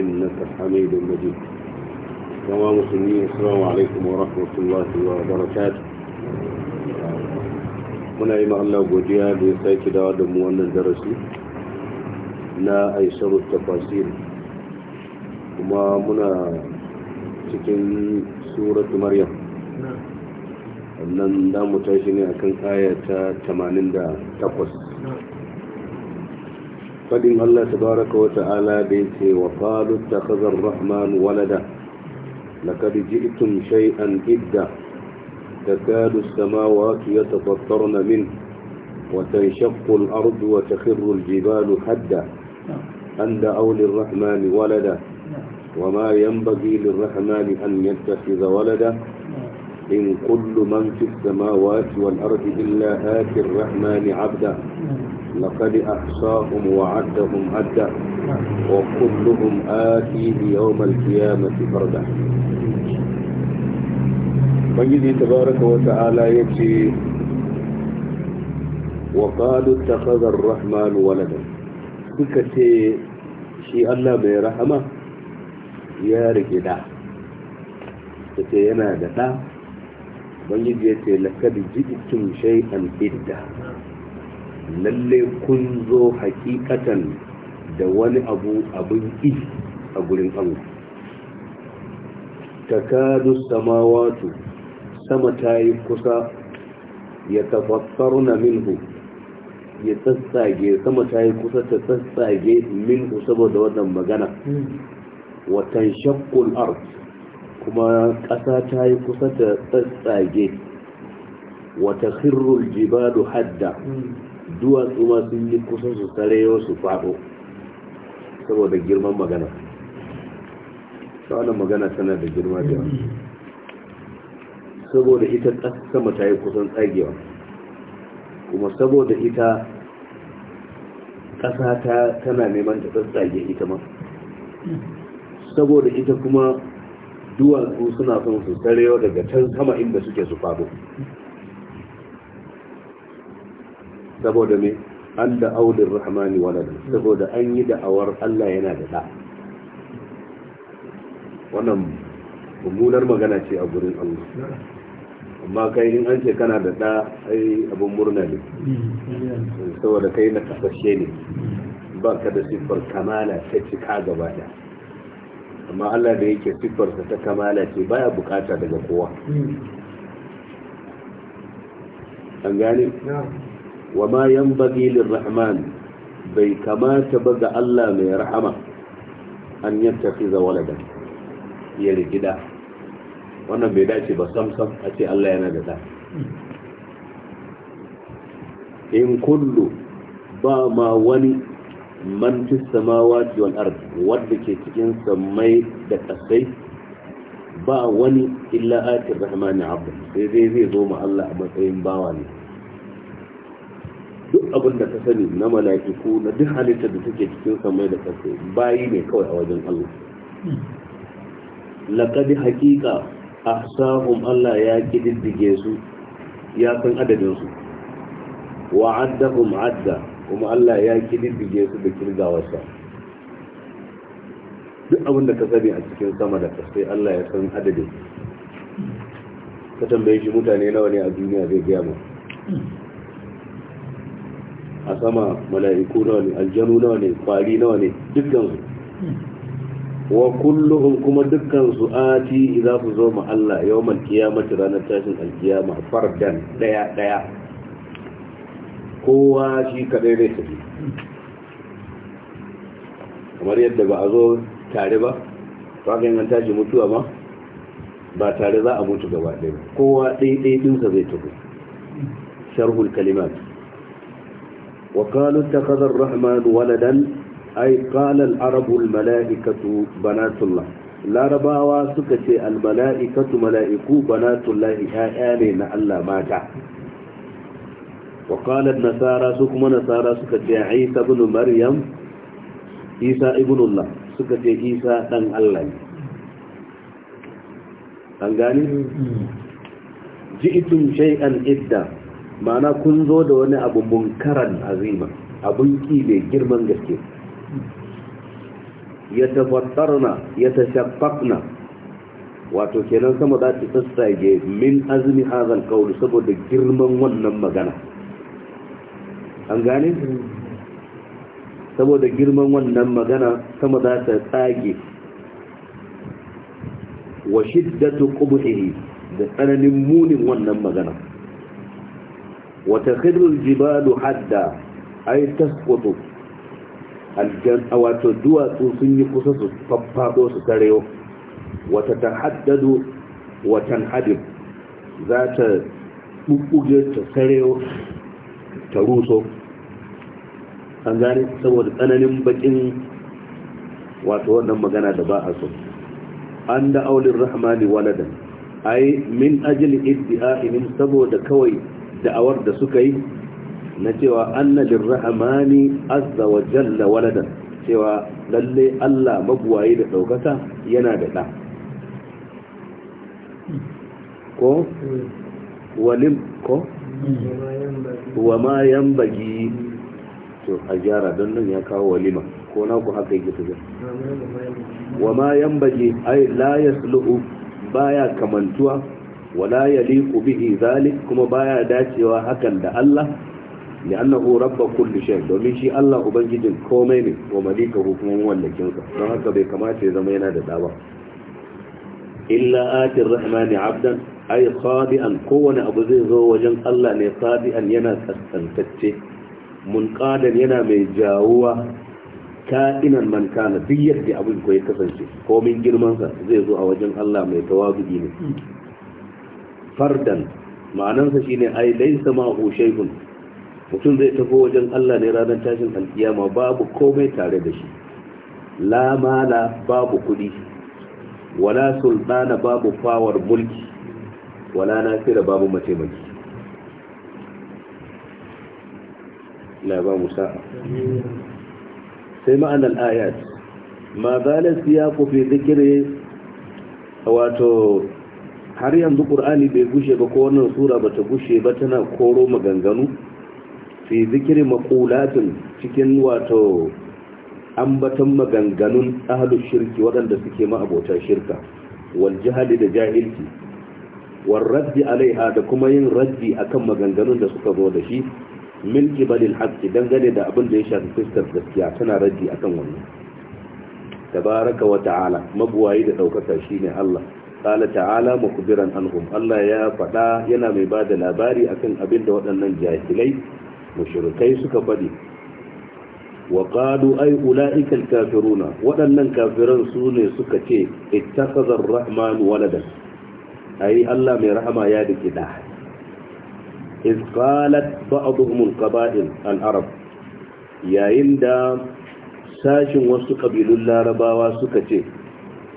إنك حميد مجيد كما Allah godiya da ya sake dawa da mu wannan darasi na aisharu kuma muna cikin suratu maryam wannan damu tashi ne akan aya ta 88 فدين الله تبارك وتعالى بيته وقالوا اتخذ الرحمن ولدا لقد جئتم شيئا إدا تكاد السماوات يتفطرن منه وتنشق الأرض وتخر الجبال حدا أن دعوا للرحمن ولدا وما ينبغي للرحمن أن يتخذ ولدا إن كل من في السماوات والأرض إلا آتي الرحمن عبدا لقد أحصاهم وعدهم عدا وكلهم آتيه يوم القيامة فردا بنجي تبارك وتعالى يكفي وقالوا اتخذ الرحمن ولدا بكتي شي الله mai rahama ya rike da ce yana da da bangiji ya ce lakad ji'tum shay'an idda lalle kun zo hakikatan da wani abu abin ki a gurin Allah takadu samawatu sama ta kusa ya tafattar na minhu ya tsatsage sama tayi yi kusa ta tsatsage minhu saboda wannan magana watan shakkun art kuma ƙasa tayi kusa ta tsatsage wata khirrul jibalu hadda duwatsu ma sun yi kusan su tsarewa su faɗo saboda girman magana wannan magana tana da girma da yawa saboda ita sama ta yi kusan tsagewa kuma saboda ita ƙasa ta tana neman ta tsage ita ma saboda ita kuma duwatsu suna son su tsarewa daga can sama inda suke su faɗo saboda me an da rahmani walada saboda an yi da'awar Allah yana da da wannan mummunar magana ce a gurin Allah amma kai in an ce kana da da ai abin murna ne saboda kai na tafashe ne ba ka da siffar kamala ta cika gaba da amma Allah da yake siffarsa ta kamala ce baya bukata daga kowa an gane wa ma yanbaghi rahman bai kamata ba ga Allah mai rahama an yattakiza walada ya rigida wannan bai dace ba samsam a ce Allah yana da da in kullu ba ma wani man fi samawati wal ard wanda ke cikin samai da kasai ba wani illa atir rahmani abu sai dai zai zo ma Allah a matsayin bawa ne duk abin da ka sani na mala'iku na duk halitta da take cikin samai da ƙasa bayi ne kawai a wajen Allah laqad haqiqa ahsahum Allah ya kididdige su ya san adadin su wa addahum adda kuma Allah ya kididdige su da kirgawarsa duk abin da ka sani a cikin sama da ƙasa Allah ya san adadin ka tambaye shi mutane nawa ne a duniya zai gaya mu a sama mala'iku nawa ne aljanu nawa ne kwari nawa ne dukkansu wa kulluhum kuma dukkansu ati za su zo ma Allah yawmal mace ranar tashin alkiyama fardan daya daya kowa shi kadai zai tafi kamar yadda ba a zo tare ba haka yin an tashi mutuwa ma ba tare za a mutu gaba ɗaya kowa ɗaiɗai ɗinsa zai tafi sharhul kalimat وقالوا اتخذ الرحمن ولدا أي قال العرب الملائكة بنات الله لا رباوا سكتي الملائكة ملائكو بنات الله آيان ألا ماتا وقال النصارى سكما نصارى سكتي عيسى بن مريم عيسى ابن الله سكتي عيسى أن الله أنقاني جئتم شيئا إدا ma'ana kun zo da wani abu munkaran azima abun ki mai girman gaske ya tafattarna ya tashaffafna wato kenan sama za ta sassage min azmi hazal kauli saboda girman wannan magana an gane saboda girman wannan magana sama za ta tsage wa shiddatu qubhihi da tsananin munin wannan magana وتخر الجبال حدا أي تسقط الجن أو تدوى تنسي قصص فبقاقو ستريو وتتحدد وتنحدم ذات ɓuɓɓuge ta sarewa ta ruso an gane saboda tsananin baƙin wato wannan magana da ba a so an da aulin rahmani waladan ai min ajili iddi'a'ihim saboda kawai da'awar da suka yi na cewa annalin rahamani azza wa jalla waladan cewa lalle Allah magwaye da daukata yana da da ko walim ko wa ma yanbagi to a gyara don nan ya kawo walima ko na ku haka yake tafiya wa ma yanbagi ai la yasluu baya kamantuwa wala yaliqu bihi zalik kuma baya dacewa hakan da Allah li'annahu rabba kulli shay domin shi Allah ubangijin komai ne wa malika hukumun wallakin sa don haka bai kamata ya zama yana da daba illa ati rahmani abdan ay qadian kowane abu zai zo wajen Allah ne qadian yana kaskantacce munqadan yana mai jawuwa ka'inan man kana duk yadda abin ko ya kasance komin girman sa zai zo a wajen Allah mai tawazu'i ne fardan ma'anansa ne ai laysa ma'hu shay'un mutum zai tafi wajen Allah ne ranar tashin alkiyama babu komai tare da shi la mala babu kudi wala sultana babu power mulki wala nasira babu mataimaki la ba musa sai ma'anar ayat ma zalar siyaku fi wato har yanzu Al-Qur'ani bai gushe ba ko wannan sura bata ta gushe ba tana koro maganganu fi zikiri makulatin cikin wato ambatan maganganun ahalus shirki waɗanda suke ma'abota shirka wal da jahilci wal raddi alaiha da kuma yin raddi akan maganganun da suka zo da shi min kibalil haqqi dangane da abin da ya shafi fuskar gaskiya tana raddi akan wannan tabaraka wa ta'ala mabuwayi da daukaka shine Allah qala ta'ala mukbiran anhum Allah ya faɗa yana mai ba da labari akan abin da waɗannan jahilai mushrikai suka faɗi wa qalu ay ulaika kafiruna. waɗannan kafiran su ne suka ce ittakhadha ar-rahman waladan ai Allah mai rahama ya dake da iz qalat ba'dhum alqaba'il al-arab yayin da sashin wasu kabilun larabawa suka ce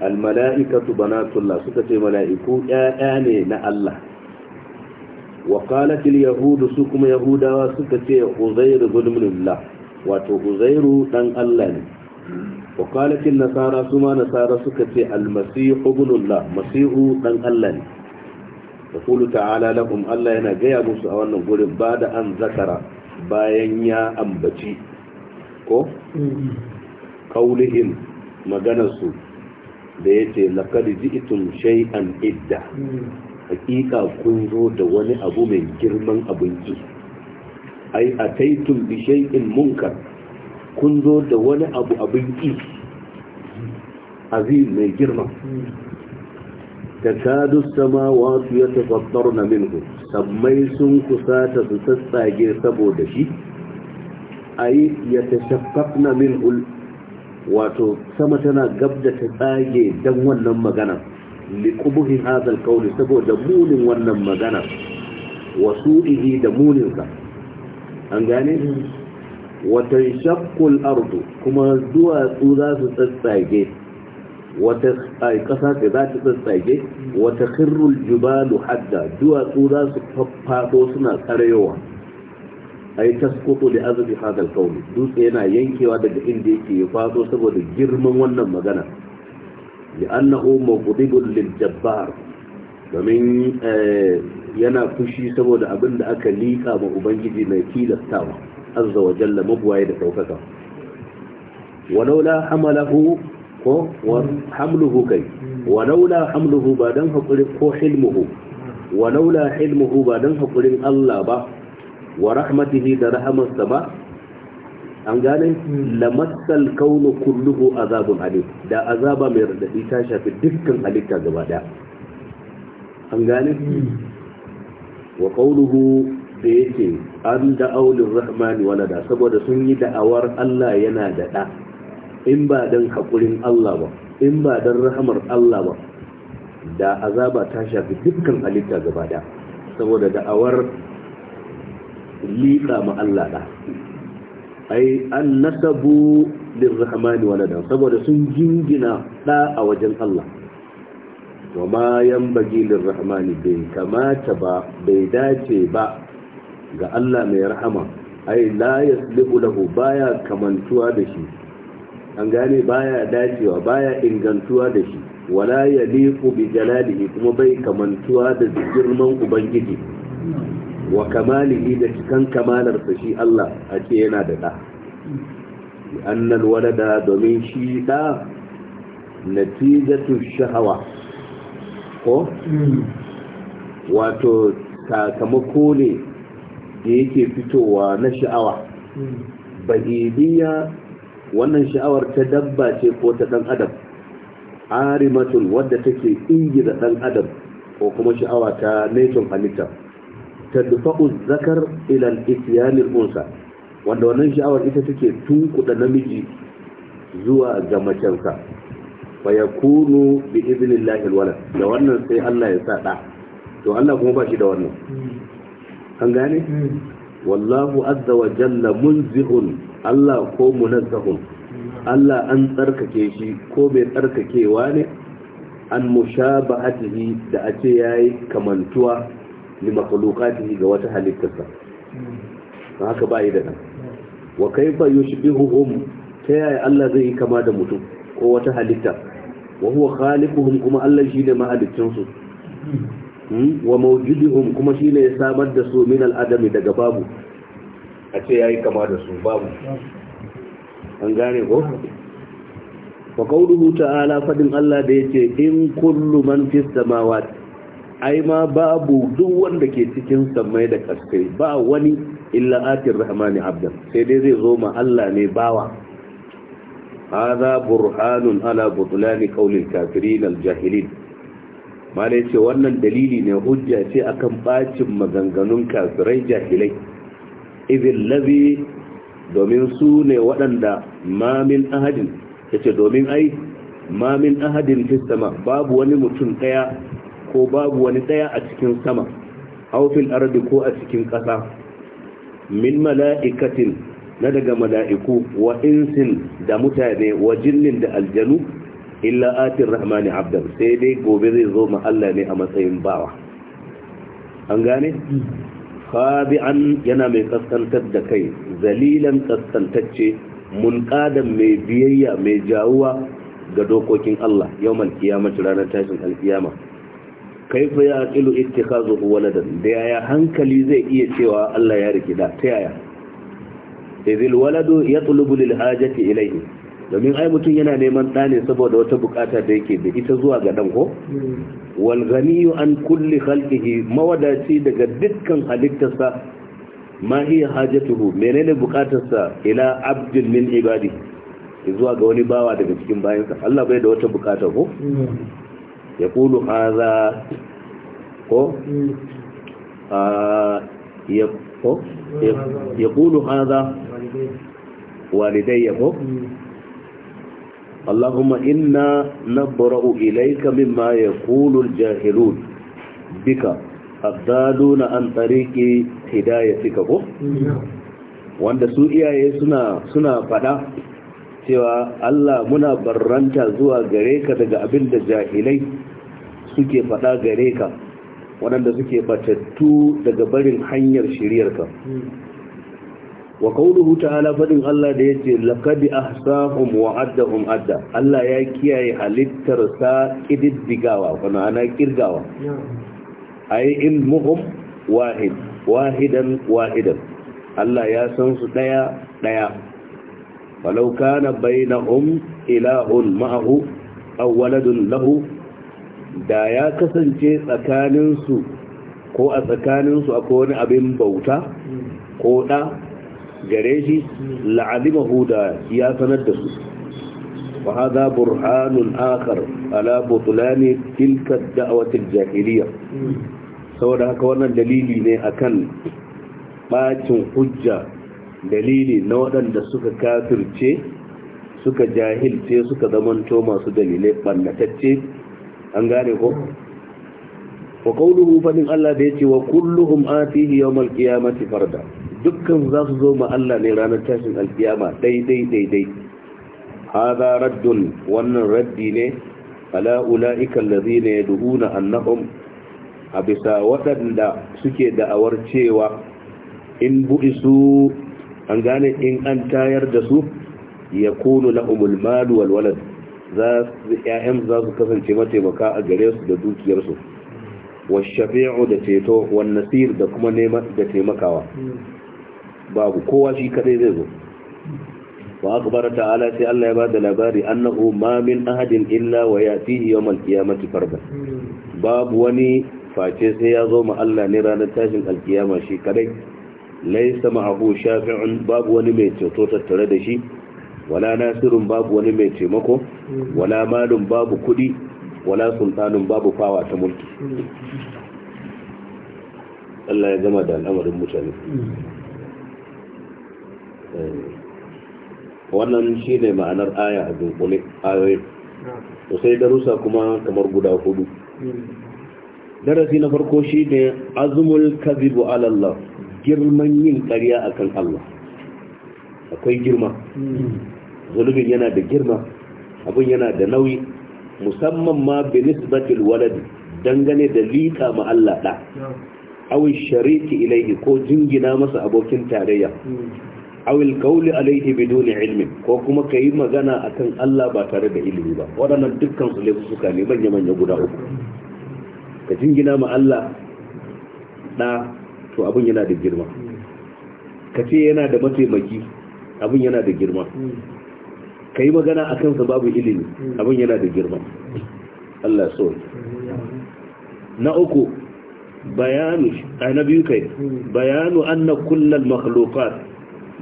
almala'ikatu banatullah suka ce mala'iku ƴaƴa ne na Allah wa yahudu su kuma yahudawa suka ce uzairu ibnullah wato uzairu dan Allah ne wa nasara su ma nasara suka ce almasihu ibnullah masihu dan Allah ne yaqulu ta'ala lakum Allah yana gaya musu a wannan gurin ba da an zakara bayan ya ambaci ko mm-hmm. qaulihim maganarsu da ya ce laƙar ji'itun shay'an idda hakika kun zo da wani abu mai girman abinci ai a taitun bi shay'in munkar kun zo da wani abu abinci azim mai girma ya tafattar na minhu sammai sun kusata su tsatsage saboda shi ai na minhu wato sama tana gab da ta tsage dan wannan magana liqubuhi hadha alqawl saboda munin wannan magana wasu su'ihi da munin sa an gane wa tanshaqqu ardu kuma duwatsu za su tsatsage wata ƙasa ce za ta tsatsage wata khirrul jibalu hadda duwatsu za su faffado suna tsarewa ai tasqutu li azbi hadha al dutse yana yankewa daga inda yake ya faso saboda girman wannan magana li'annahu mawqidun lil jabbar domin yana fushi saboda abin da aka lika ma ubangiji mai tilastawa azza wa jalla mabwaye da daukaka walaula hamalahu ko hamluhu kai walaula hamluhu ba dan hakuri ko hilmuhu walaula hilmuhu ba dan hakurin Allah ba wa rahmatihi da rahamarsa ba an gane hmm. lamassal kaunu kulluhu azabun alim da azaba mai radadi ta shafi dukkan halitta gaba daya an gane hmm. wa da yake an da aulin rahmani walada saboda sun yi da'awar Allah yana da ɗa, in ba don haƙurin Allah ba in ba dan rahamar Allah ba da azaba ta shafi dukkan halitta gaba daya saboda da'awar liƙa ma Allah da ai an nasabu lirrahmani waladan saboda sun jingina ɗa a wajen Allah wa ma yanbaghi lirrahmani bai kamata ba bai dace ba ga Allah mai rahama ai la yaslihu lahu baya kamantuwa da shi an gane baya dacewa baya ingantuwa da shi wala yaliqu bi jalalihi kuma bai kamantuwa da girman ubangiji wa kamalihi da cikan kamalarsa shi Allah ake yana da ɗa annal walada domin shi da natijatu shahawa ko wato sakamako ne da yake fitowa na sha'awa bahiliya wannan sha'awar ta dabba ce ko ta ɗan adam arimatun wadda take ingiza ɗan adam ko kuma sha'awa ta neton halitta tadfa'u zakar ila al al-unsa wanda wannan sha'awar ita take da namiji zuwa ga macensa fa yakunu bi idnillahi al-walad da wannan sai Allah ya sa da to Allah kuma ba shi da wannan an gane wallahu azza wa jalla munzihun Allah ko munazzahun Allah an tsarkake shi ko bai tsarkakewa ne an mushabahatihi da a ce yayi kamantuwa li makhluqatihi ga wata halittarsa don haka ba yi da nan wa kaifa yushbihuhum ta yaya Allah zai yi kama da mutum ko wata halitta wa huwa khaliquhum kuma Allah shi ne mahalicin su hmm? wa mawjuduhum kuma shi ne ya samar da su min al-adami daga babu a ce ya yi kama da su babu an gane ko wa qawluhu ta'ala fadin Allah da yace in kullu man fis samawati ai ma babu duk wanda ke cikin samai da kaskai ba wani illa atir rahmani abdan sai dai zai zo ma Allah ne bawa hadha burhanun ala butlani qawlil kafirin jahilin. malai ce wannan dalili ne hujja ce akan bacin maganganun kafirai jahilai idhil ladhi domin su ne waɗanda mamin ahadin yace domin ai mamin ahadin fis sama babu wani mutum daya ko babu wani daya a cikin sama aw ardi ko a cikin ƙasa min mala'ikatin na daga mala'iku wa insin da mutane wa jinnin da aljanu illa Atin rahmani abdan sai dai gobe zai zo ma Allah ne a matsayin bawa an gane khabi'an yana mai kaskantar da kai zalilan kaskantacce munqadan mai biyayya mai jawuwa ga dokokin Allah yawmal qiyamati ranar tashin alkiyama kaifa ya aqilu ittikhazuhu waladan da yaya hankali zai iya cewa Allah ya riki da ta yaya izil waladu yatlubu lil hajati ilayhi domin ai mutum yana neman ɗa saboda wata bukata da yake da ita zuwa ga dan ko hmm. wal ghaniyu an kulli khalqihi mawadaci daga dukkan halittarsa ma hiya hajatuhu menene bukatarsa ila abdin min ibadi zuwa ga wani bawa daga cikin bayansa Allah bai da wata bukata ko hmm. ya kulu haza ko a ya ko allahumma inna na bura'u ilaika ma ya kulu jahilun bika abdadu na an tariki hidaya suka ko wanda su iyaye suna suna fada cewa Allah muna barranta zuwa gareka daga abinda jahilai suke faɗa gare ka waɗanda suke batattu daga barin hanyar ka. wa kauluhu ta'ala fadin Allah da yace laqad ahsahum wa addahum adda Allah ya kiyaye halittar sa kididdigawa kuma ana kirgawa in ilmuhum wahid wahidan wahidan Allah ya san su daya daya walau kana bainahum ilahun ma'ahu aw waladun lahu da ya kasance tsakaninsu ko a tsakaninsu akwai wani abin bauta ko ɗa gare shi la'alimahu da ya sanar da su ha za burhanun akhar ala butlani tilka da'wati al saboda haka wannan dalili ne akan bacin hujja dalili na waɗanda suka kafirce suka jahilce suka zamanto masu dalilai ɓallatacce an gane ko wa qawluhu fadin Allah da yace wa kulluhum atihi yawmal qiyamati farda dukkan za su zo ma Allah ne ranar tashin alkiyama dai dai dai dai hada raddun wannan raddi ne ala ulaika alladhina yad'una annahum a bisa waɗanda suke da'awar cewa in bu'isu an gane in an tayar da su ya kunu lahumul malu wal walad ‘ya'yan za su kasance mataimaka a gare su da dukiyarsu wa shafi'u da ceto wanne siyar da kuma neman da taimakawa babu kowa shi kadai zai zo wa akbara ta'ala sai Allah ya ba da labari annahu ma min ahadin illa wa yatihi yawmal qiyamati fardan babu wani face sai ya zo ma Allah ne ranar tashin alkiyama shi kadai laysa ma'ahu shafi'un babu wani mai ceto tattare da shi wala nasirun babu wani mai taimako wala malun babu kudi wala sultanun babu fawa ta mulki Allah ya gama da al'amarin mutane eh, wannan shi ne ma'anar aya a dunkule ayoyin to sai darussa kuma kamar guda hudu darasi na farko shi ne azumul kazibu alallah girman yin ƙarya akan Allah akwai girma zulubin yana da girma abin yana da nauyi musamman ma binisbatil waladi dangane da liƙa ma Allah ɗa awi shariki ilaihi ko jingina masa abokin tarayya awi alqawli alaihi bidun ilmi ko kuma ka yi magana akan Allah ba tare da ilimi ba waɗannan dukkan su laifuka ne manya-manya guda uku ka jingina ma Allah ɗa to abin yana da girma ka ce yana da mataimaki abin yana da girma ka yi magana a kansa babu ilimi abin yana da girma Allah so na uku bayanu a na biyu kai bayanu anna kullal makhluqat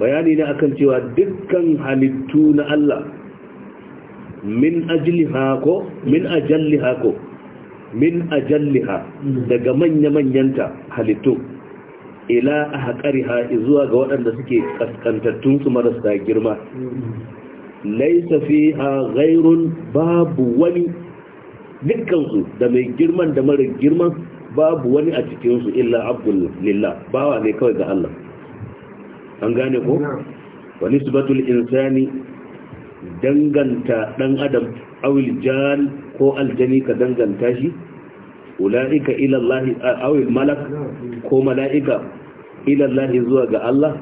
bayani ne akan cewa dukkan halittu na Allah min ajliha ko min ajalliha ko min ajalliha daga manya-manyanta halittu ila a zuwa ga waɗanda suke kaskantattun su marasa girma laisa fiha ghairun babu wani dukkansu da mai girman da mara girman babu wani a cikinsu illa abdul lillah bawa ne kawai ga Allah an gane ko wa nisbatul insani danganta dan adam awil jan ko aljani ka danganta shi ula'ika ila Allah awil malak ko mala'ika ila Allah zuwa ga Allah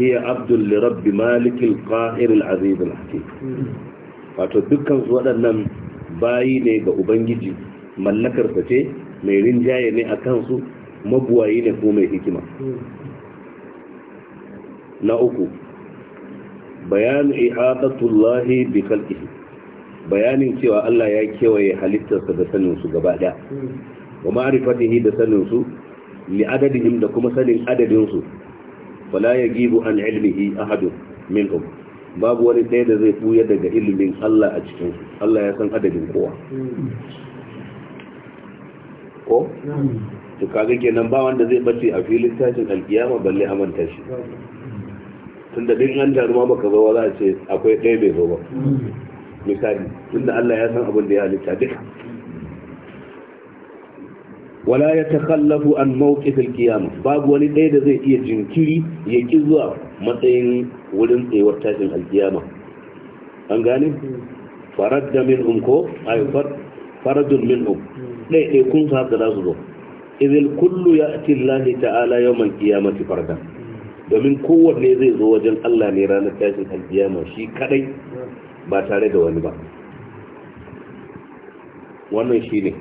هي عبد لرب مالك malikil العزيز الحكيم wato dukkan su waɗannan bayi ne ga ubangiji mallakar ce mai rinjaye ne a kansu mabuwayi ne ko mai hikima na uku bayanu ihadatullahi bi khalqihi bayanin cewa Allah ya kewaye halittarsa da sanin su gaba daya wa ma'rifatihi da sanin su li adadihim da kuma sanin adadin su wala yagibu an ilmihi ahadun minhum babu wani ɗaya da zai buya daga ilimin Allah a cikin Allah ya san adadin kowa ko to kaga kenan ba wanda zai bace a filin tashin alkiyama balle a manta shi tunda duk an jaruma baka zo za a ce akwai ɗaya bai zo ba misali tunda Allah ya san abin da ya halitta duka wala ya takallafu an mawqifil qiyamah babu wani ɗaya da zai iya jinkiri ya ki zuwa matsayin wurin tsayuwar tashin alkiyama an gane faradda min ko ay faradun um ɗaya ɗaya kun sa da zasu zo idil kullu ya'ti llahi ta'ala yawmal qiyamati farda domin kowanne zai zo wajen Allah ne ranar tashin alkiyama shi kadai ba tare da wani ba wannan shine